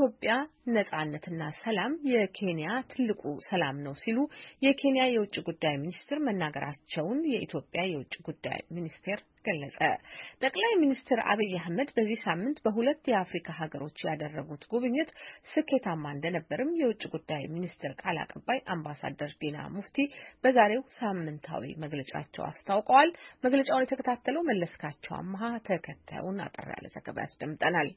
ኢትዮጵያ ነጻነትና ሰላም የኬንያ ትልቁ ሰላም ነው ሲሉ የኬንያ የውጭ ጉዳይ ሚኒስትር መናገራቸውን የኢትዮጵያ የውጭ ጉዳይ ሚኒስቴር ገለጸ። ጠቅላይ ሚኒስትር አብይ አህመድ በዚህ ሳምንት በሁለት የአፍሪካ ሀገሮች ያደረጉት ጉብኝት ስኬታማ እንደነበርም የውጭ ጉዳይ ሚኒስትር ቃል አቀባይ አምባሳደር ዲና ሙፍቲ በዛሬው ሳምንታዊ መግለጫቸው አስታውቀዋል። መግለጫውን የተከታተለው መለስካቸው አመሀ ተከታዩን አጠር ያለ ዘገባ ያስደምጠናል።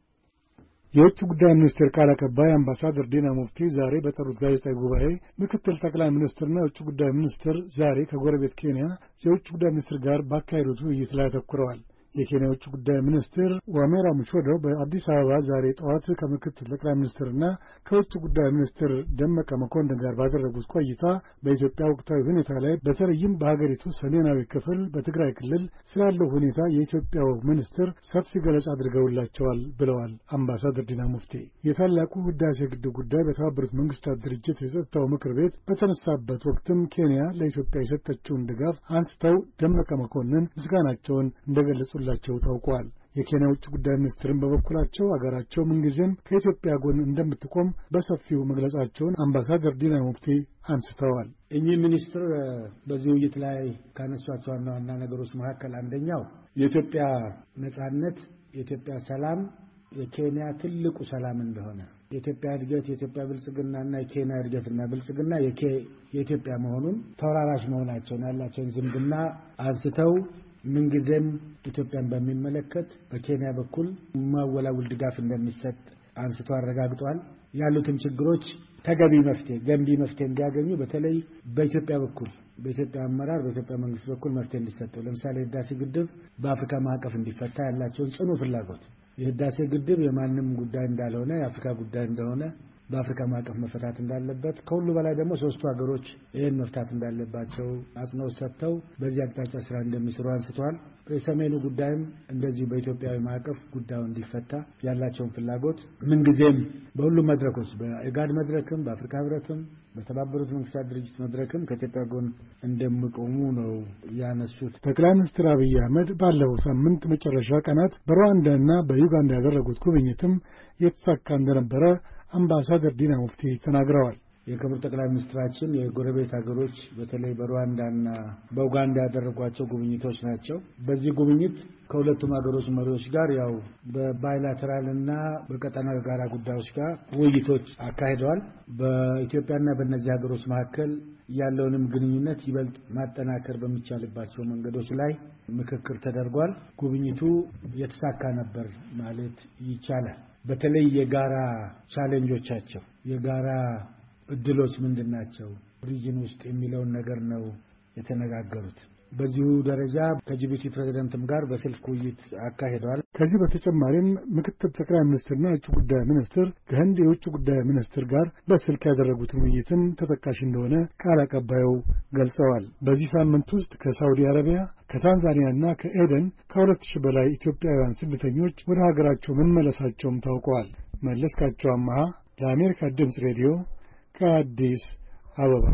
የውጭ ጉዳይ ሚኒስቴር ቃል አቀባይ አምባሳደር ዲና ሙፍቲ ዛሬ በጠሩት ጋዜጣዊ ጉባኤ ምክትል ጠቅላይ ሚኒስትርና የውጭ ጉዳይ ሚኒስትር ዛሬ ከጎረቤት ኬንያ የውጭ ጉዳይ ሚኒስትር ጋር ባካሄዱት ውይይት ላይ አተኩረዋል የኬንያ የውጭ ጉዳይ ሚኒስትር ዋሜራ ሙቾዶ በአዲስ አበባ ዛሬ ጠዋት ከምክትል ጠቅላይ ሚኒስትርና ከውጭ ጉዳይ ሚኒስትር ደመቀ መኮንን ጋር ባደረጉት ቆይታ በኢትዮጵያ ወቅታዊ ሁኔታ ላይ በተለይም በሀገሪቱ ሰሜናዊ ክፍል በትግራይ ክልል ስላለው ሁኔታ የኢትዮጵያው ሚኒስትር ሰፊ ገለጻ አድርገውላቸዋል ብለዋል። አምባሳደር ዲና ሙፍቲ የታላቁ ህዳሴ ግድብ ጉዳይ በተባበሩት መንግስታት ድርጅት የጸጥታው ምክር ቤት በተነሳበት ወቅትም ኬንያ ለኢትዮጵያ የሰጠችውን ድጋፍ አንስተው ደመቀ መኮንን ምስጋናቸውን እንደገለጹ እንደሚያደርጉላቸው ታውቋል። የኬንያ ውጭ ጉዳይ ሚኒስትርም በበኩላቸው አገራቸው ምንጊዜም ከኢትዮጵያ ጎን እንደምትቆም በሰፊው መግለጻቸውን አምባሳደር ዲና ሙፍቲ አንስተዋል። እኚህ ሚኒስትር በዚህ ውይይት ላይ ካነሷቸው ዋና ዋና ነገሮች መካከል አንደኛው የኢትዮጵያ ነጻነት፣ የኢትዮጵያ ሰላም የኬንያ ትልቁ ሰላም እንደሆነ የኢትዮጵያ እድገት የኢትዮጵያ ብልጽግናና የኬንያ እድገትና ብልጽግና የኢትዮጵያ መሆኑን ተወራራሽ መሆናቸውን ያላቸውን ዝምድና አንስተው ምንጊዜም ኢትዮጵያን በሚመለከት በኬንያ በኩል የማወላውል ድጋፍ እንደሚሰጥ አንስቶ አረጋግጧል። ያሉትም ችግሮች ተገቢ መፍትሄ፣ ገንቢ መፍትሄ እንዲያገኙ በተለይ በኢትዮጵያ በኩል በኢትዮጵያ አመራር በኢትዮጵያ መንግስት በኩል መፍትሄ እንዲሰጠው ለምሳሌ ህዳሴ ግድብ በአፍሪካ ማዕቀፍ እንዲፈታ ያላቸውን ጽኑ ፍላጎት የህዳሴ ግድብ የማንም ጉዳይ እንዳልሆነ የአፍሪካ ጉዳይ እንደሆነ በአፍሪካ ማዕቀፍ መፈታት እንዳለበት ከሁሉ በላይ ደግሞ ሶስቱ ሀገሮች ይህን መፍታት እንዳለባቸው አጽንኦት ሰጥተው በዚህ አቅጣጫ ስራ እንደሚሰሩ አንስተዋል። የሰሜኑ ጉዳይም እንደዚሁ በኢትዮጵያዊ ማዕቀፍ ጉዳዩ እንዲፈታ ያላቸውን ፍላጎት ምንጊዜም በሁሉም መድረኮች በኢጋድ መድረክም፣ በአፍሪካ ህብረትም፣ በተባበሩት መንግስታት ድርጅት መድረክም ከኢትዮጵያ ጎን እንደሚቆሙ ነው ያነሱት። ጠቅላይ ሚኒስትር አብይ አህመድ ባለፈው ሳምንት መጨረሻ ቀናት በሩዋንዳና በዩጋንዳ ያደረጉት ጉብኝትም የተሳካ እንደነበረ አምባሳደር ዲና ሙፍቲ ተናግረዋል። የክቡር ጠቅላይ ሚኒስትራችን የጎረቤት ሀገሮች በተለይ በሩዋንዳና በኡጋንዳ ያደረጓቸው ጉብኝቶች ናቸው። በዚህ ጉብኝት ከሁለቱም ሀገሮች መሪዎች ጋር ያው በባይላተራልና በቀጠና ጋራ ጉዳዮች ጋር ውይይቶች አካሂደዋል። በኢትዮጵያና በእነዚህ ሀገሮች መካከል ያለውንም ግንኙነት ይበልጥ ማጠናከር በሚቻልባቸው መንገዶች ላይ ምክክር ተደርጓል። ጉብኝቱ የተሳካ ነበር ማለት ይቻላል። በተለይ የጋራ ቻሌንጆቻቸው የጋራ እድሎች ምንድን ናቸው ሪጅን ውስጥ የሚለውን ነገር ነው የተነጋገሩት። በዚሁ ደረጃ ከጅቡቲ ፕሬዚደንትም ጋር በስልክ ውይይት አካሂደዋል። ከዚህ በተጨማሪም ምክትል ጠቅላይ ሚኒስትርና የውጭ ጉዳይ ሚኒስትር ከህንድ የውጭ ጉዳይ ሚኒስትር ጋር በስልክ ያደረጉትን ውይይትም ተጠቃሽ እንደሆነ ቃል አቀባዩ ገልጸዋል። በዚህ ሳምንት ውስጥ ከሳውዲ አረቢያ፣ ከታንዛኒያና ከኤደን ከሁለት ሺህ በላይ ኢትዮጵያውያን ስደተኞች ወደ ሀገራቸው መመለሳቸውም ታውቀዋል። መለስካቸው አማሃ ለአሜሪካ ድምፅ ሬዲዮ ከአዲስ አበባ